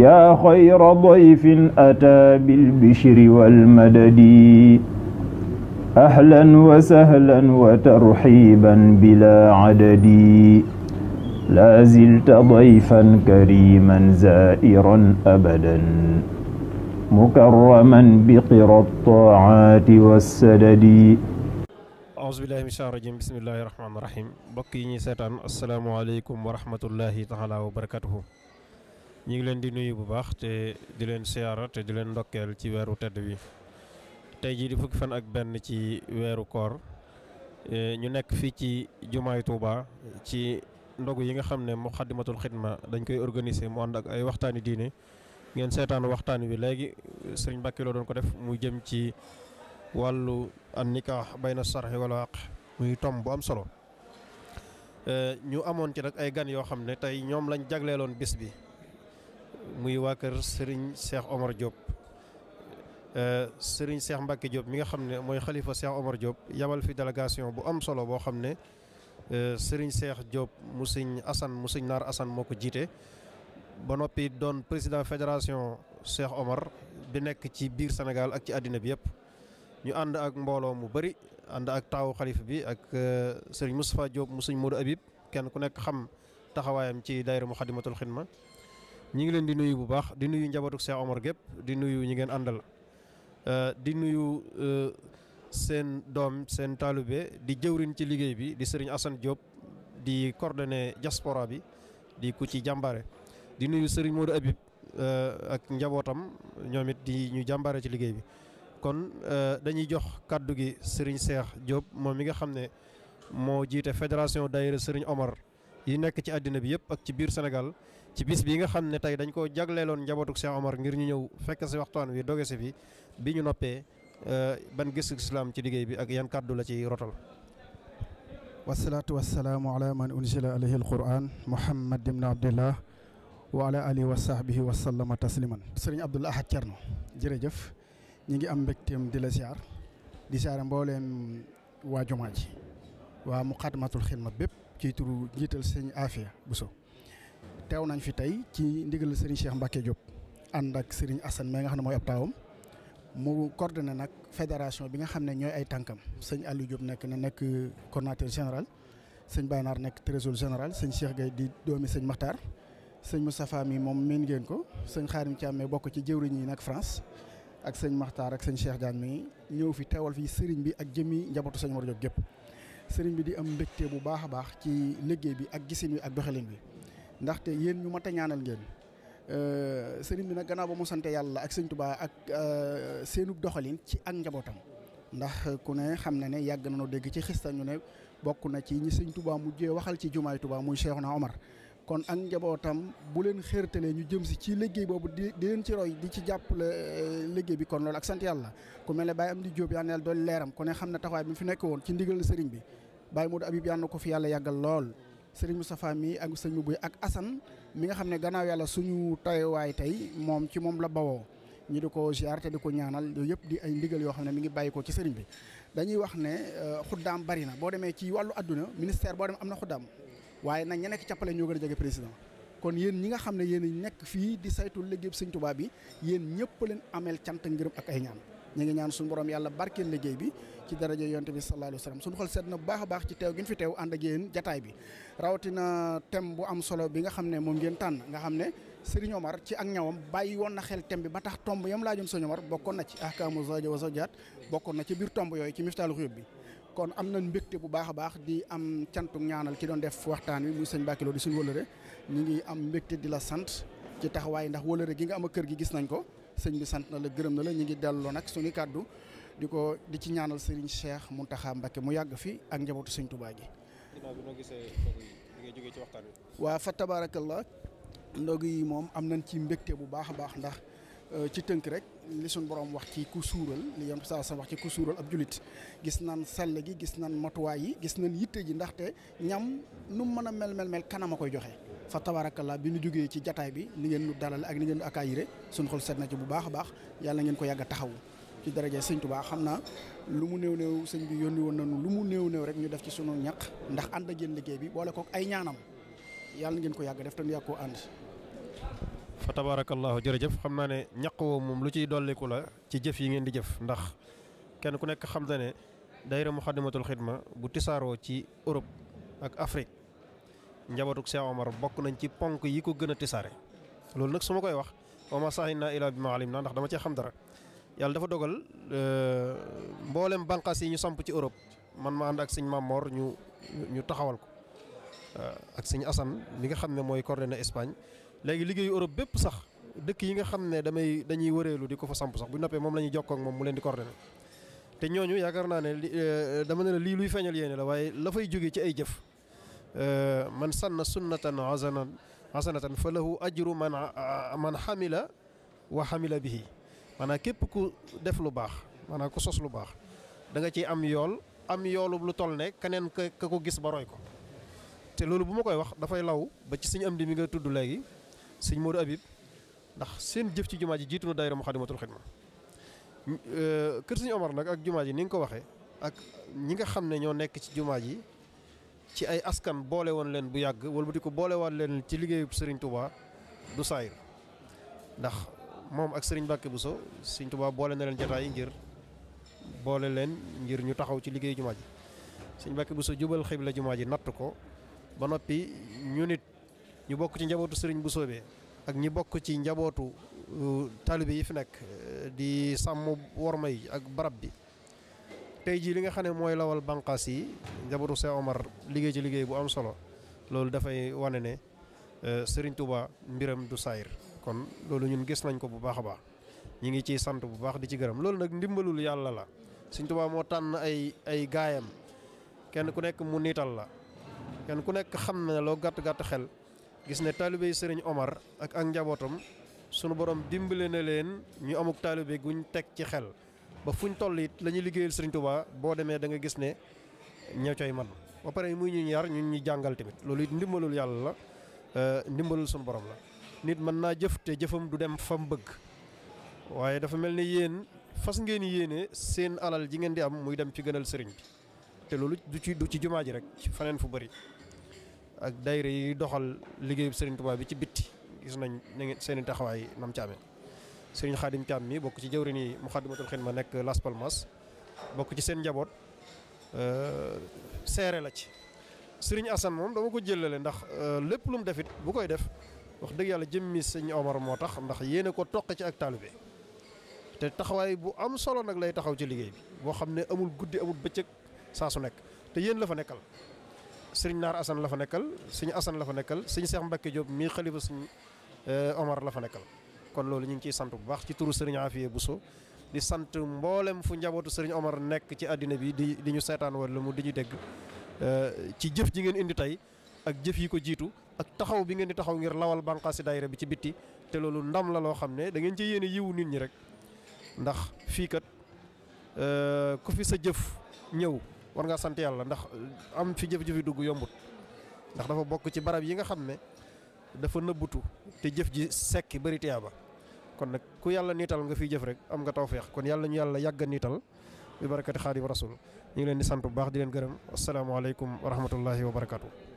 yaa xayra dayfin ataa bilbishri walmadadi ahlan wa sahlan wa tarxiiban bilaa adadi laa zilta dayfan kariman zaa'iran abadan mukarraman biqira taaati wassadadi auzu billahi min shaytaani rajim bismillahi rahmaani rahim mbokk yi ñuy seetaan assalaamu aleykum wa rahmatullahi taala wa barakatuhu ñu ngi leen di nuyu bu baax te di leen siyaara te di leen ndokkeel ci weeru tedd wi tey jii di fukki fan ak benn ci weeru koor e, ñu nekk fii ci jumaay Touba ci ndogu yi nga xam ne Muxaddamatul Xidma dañ koy organiser mu ànd ak ay waxtaani diine ngeen seetaan waxtaan wi léegi sëriñ Mbàkke loo doon ko def mu jëm ci wàllu an nikah bayna sarhi wala aq muy tom bu am solo e, ñu amoon ci nag ay gan yoo xam ne tey ñoom lañ jagleeloon bis bi muy waa kër Serigne Cheikh Omar Diop euh, Serigne Cheikh Mbacke Diop mi nga xam ne mooy xalifa Cheikh Omar Diop yabal fi délégation bu am solo boo xam ne euh, Serigne Cheikh Diop mu sëñ Assane mu sëñ Naar Assane moo ko jiite. ba noppi doon président fédération Cheikh Omar bi nekk ci biir Sénégal ak ci àddina bi yëpp ñu ànd ak mbooloo mu bëri ànd ak taawu xalifa bi ak euh, Serigne Moustapha Diop mu sëñ Modou Habib kenn ku nekk xam taxawaayam ci daayira Muxaddamatul Xidma ñi ngi leen di nuyu bu baax di nuyu njabootu Cheikh Omar gépp di nuyu ñi ngeen àndal euh, di nuyu euh, seen doom seen taalibe di jëwrin ci liggéey bi di sëriñ Assane Diop di coordonné diaspora bi di ku ci jàmbare di nuyu sëriñ Modou Habib euh, ak njabootam ñoom it di ñu jàmbare ci liggéey bi kon dañuy jox kàddu gi sëriñ Cheikh Diop moom mi nga xam ne moo jiite fédération daayira sëriñ omor yi nekk ci àddina bi yëpp ak ci biir senegal ci bis bi nga xam ne tey dañ koo jagleeloon njabootuk Cheikh Omar ngir ñu ñëw fekk si waxtaan wi doge si bi bi ñu noppee euh, ban gis islaam ci liggéey bi ak yan kàddu la ci rotal wasalaatu wasalaamu ala man unzila alayhi alquran muhammad ibn abdillah wa ala alihi wa sahbihi wa sallama tasliman sëriñ Abdoul Ahad Thierno jërëjëf ñu ngi am mbégteem di la siyaar di siyaare mbooleem waa jumaa ji waa muqaddamatul bépp ci turu jiital sëñ bu so teew nañ fi tey ci ndigal sëriñ Cheikh Mbacke Diop ànd ak sëriñ Assane mais nga xam ne mooy ab taawam mu coordonné nag fédération bi nga xam ne ñooy ay tànkam sëñ Aliou Diop nekk na nekk coordonnateur général sëñ Baynaar nekk trésor général sëñ Cheikh Gueye di doomi sëñ Makhtar sëñ Moustapha mi moom miin ngeen ko sëñ Xaarim Thiam mi bokk ci jëwriñ yi nag France ak sëñ Makhtar ak sëñ Cheikh Diagne mi ñëw fi teewal fii sëriñ bi ak jëmi njabootu sëñ Mor gépp sëriñ bi di am mbégte bu baax a baax ci liggéey bi ak gisin bi ak doxalin bi ndaxte yéen ñu mat a ñaanal ngeen euh, sëriñ bi nag gannaaw ba mu sante yàlla ak sëñ Tuubaa ak euh, seenu doxalin ci ak njabootam ndax ku ne xam na ne yàgg na noo dégg ci xista ñu ne bokk na ci ñi sëñ Tuubaa mujjee waxal ci jumaay tubaa muy naa Omar kon ak njabootam bu leen xërtalee ñu jëm si ci liggéey boobu di di leen ci roy di ci jàppale eh, liggéey bi kon loolu ak sant yàlla ku mel ne Baye di jóob yaa doon leeram ku ne xam ne taxawaay bi mu fi nekk woon ci ndigal sëriñ bi Baye Modou Habib yàlla ko fi yàlla yàggal lool sëriñ Moustapha mi ak sëñ Mbuy ak Assane mi xam ne gannaaw yàlla suñu tayawaay tey moom ci moom la bawoo ñu di ko ziar te di ko ñaanal yooyu yëpp di ay ndigal yoo xam ne mi ngi bàyyi ko ci sëriñ bi dañuy wax ne eh, xuddaam bari na boo demee ci wàllu àdduna ministère boo demee am na xuddaam waaye nag ña nekk cappale ñoo gën a jege président kon yéen ñi nga xam ne yéen nekk fii di saytu liggéey sëñ Tuubaa bi yéen ñëpp leen ameel cant ngërëm ak ay ñaan ñu ngi ñaan suñu borom yàlla barkeel liggéey bi ci daraja yonte bi sallallahu alayhi wa sallam suñu xol seet na bu baax baax ci teew gi fi teew ànd ak yéen jataay bi rawatina thème bu am solo bi nga xam ne moom ngeen tànn nga xam ne Serigne Omar ci ak ñawam bàyyi woon na xel thème bi ba tax tomb yam laajoon Serigne Omar bokkoon na ci ahkaamu zawja wa zawjaat bokkoon na ci yooyu ci miftaalu xuyub bi kon am nañ mbégte bu baax a baax di am cantu ñaanal ki doon def waxtaan wi muy sëñ Mbacke Lo di suñu wëlëre ñu ngi am mbégte di la sant ci taxawaay ndax wëlëre gi nga am a kër gi gis nañ ko sëñ bi sant na la gërëm na la ñu ngi delloo nag suñu kàddu di ko di ci ñaanal Serigne mu Mountakha Mbacke mu yàgg fi ak njabootu sëñ Touba gi. ginnaaw bi noo gisee ndogu yi bi nga waa fa tabarakallah ndogu yi moom am nañ ci mbégte bu baax a baax ndax Euh, ci tënk rek li suñ borom wax ci ku suural li yonent saa sa wax ci ku suural ab julit gis nan sell gi gis nan matuwaay yi gis nan yitte ji ndaxte ñam nu mën a mel mel mel kanam a koy joxe fa tabarakallah bi nu jógee ci jataay bi ni ngeen nu dalale ak ni ngeen nu accueillir suñ xol set na ci bu baax baax yàlla ngeen ko yàgg a taxawu ci daraja sëñ Tuubaa xam naa lu mu néew néew sëñ bi yónni woon nañu lu mu néew new rek ñu def ci sunu ñaq ndax ànd ak yéen liggéey bi boole kook ay ñaanam yàlla ngeen ko yàgg def te nu yàgg fa tabaarakallaahu jërëjëf xam naa ne ñaq woo moom lu ciy dolliku la ci jëf yi ngeen di jëf ndax kenn ku nekk xam na ne daayira Muxaddamatul Xidma bu tisaaroo ci Europe ak Afrique njabootuk Cheikh Omar bokk nañ ci ponk yi ko gën a tisaare loolu nag su ma koy wax wa maa saahinnaa illaa bimaa alimnaa ndax dama cee xam dara yàlla dafa dogal euh, mboolem banqaas yi ñu samp ci Europe man ma ànd ak sëñ Mamor ñu taxawal ko euh, ak sëñ Assane bi nga xam ne mooy coordonné Espagne léegi liggéeyu Europe bépp sax dëkk yi nga xam ne damay dañuy wëreelu di ko fa samp sax bu noppee moom la ñuy jokkoo ak moom mu leen di coordonné te ñooñu yaakaar naa ne euh, dama ne la lii luy feeñal yéene la waaye la fay jógee ci ay jëf euh, man sanna sunnatan hasanatan hasanatan fa lahu ajru man man xamila wa xamila bihi maanaam képp ku def lu baax maanaam ku sos lu baax danga nga ciy am yool am yoolu lu toll ne keneen ka ko gis ba roy ko te loolu bu ma koy wax dafay law ba ci suñu am di mi nga tudd léegi sëñ Modou Habib ndax seen jëf ci jumaa ji jiitu na daayira Muxaddamatul Xidma euh, kër sëñ Omar nag ak jumaa ji ni nga ko waxee ak ñi nga xam ne ñoo nekk ci jumaa ji ci ay askan boole woon leen bu yàgg wëlbati ko boole waan leen ci liggéeyub sëriñ Touba du saayir ndax moom ak sëriñ Mbàkke Buso sëriñ tubaa boole na leen jataay ngir boole leen ngir ñu taxaw ci liggéeyu jumaa ji sëriñ bu so jubal xibla jumaa ji natt ko ba noppi ñu nit ñu bokk ci njabootu sëriñ bu soobee ak ñi bokk ci njabootu euh, taalibe yi fi nekk euh, di sàmm worma yi ak barab bi tey jii li nga xam ne mooy lawal banqaas yi njabootu Cheikh Omar liggéey ci liggéey bu am solo loolu dafay wane ne euh, Serigne Touba mbiram du saayir kon loolu ñun gis nañ ko bu baax a baax ñi ngi ciy sant bu baax di ci gërëm loolu nag ndimbalul yàlla la Serigne Touba moo tànn ay ay gaayam kenn ku nekk mu niital la kenn ku nekk xam ne loo gàtt gàtt xel gis ne taalibe yi sëriñ Omar ak ak njabootam sunu borom dimbale na leen ñu amuk taalibe guñ teg ci xel ba fuñ toll it lañuy ñuy liggéeyal sëriñ Touba boo demee da nga gis ne ñoo man ba pare muy ñu yar ñu ñu jàngal tamit loolu it ndimbalul yàlla la euh, ndimbalul sunu borom la. nit mën naa jëf te jëfam du dem fam bëgg waaye dafa mel ne yéen fas ngeen yéene seen alal ji ngeen di am muy dem ci gënal sëriñ bi te loolu du ci du ci jumaa ji rek faneen fu bari ak daayira yi doxal liggéeyub Serigne Touba bi ci bitti gis nañ ne seen i taxawaay nam ci amee Serigne Khadim Thiam mi bokk ci jëwrin yi Muxaddamatul Xidma nekk Las Palmas bokk ci seen njaboot euh, seere la ci. sëriñ Assane moom dama ko jëlale ndax euh, lépp lu defit bu koy def wax dëgg yàlla jëmmi sëñ Omar moo tax ndax yéene ko toqe ci ak taalibe te taxawaay bu am solo nag lay taxaw ci liggéey bi boo xam ne amul guddi amul bëccëg saa su nekk te yéen la fa nekkal. sëriñ Naar asan la fa nekkal sëñ Assane la fa nekkal suñu Cheikh mbakke Diop mii xalifa sëñ euh, Omar la fa nekkal kon loolu ñu ngi ciy sant bu baax ci turu sëriñ bu Bousso di sant mboolem fu njabootu sëriñ Omar nekk ci àddina bi di di ñu seetaan wala mu di ñu dégg euh, ci jëf ji ngeen indi tey ak jëf yi ko jiitu ak taxaw bi ngeen di taxaw ngir lawal bànqaasi daayira bi ci bitti te loolu ndam la loo xam ne da ngeen ci yéene yiwu nit ñi rek ndax fii kat euh, ku fi sa jëf ñëw war ngaa sant yàlla ndax euh, am fi jëf-jëf dugg yombut ndax dafa bokk ci barab yi nga xam ne dafa nëbbutu te jëf ji sekki bëri tiyaaba kon nag ku yàlla niital nga fiy jëf rek am nga tawféex kon yàlla ñu yàlla yàgga niital bi barakati xaadim rasul ñu ngi leen di sant bu baax di leen gërëm asalaamaaleykum wa rahmatullahi wa barakatu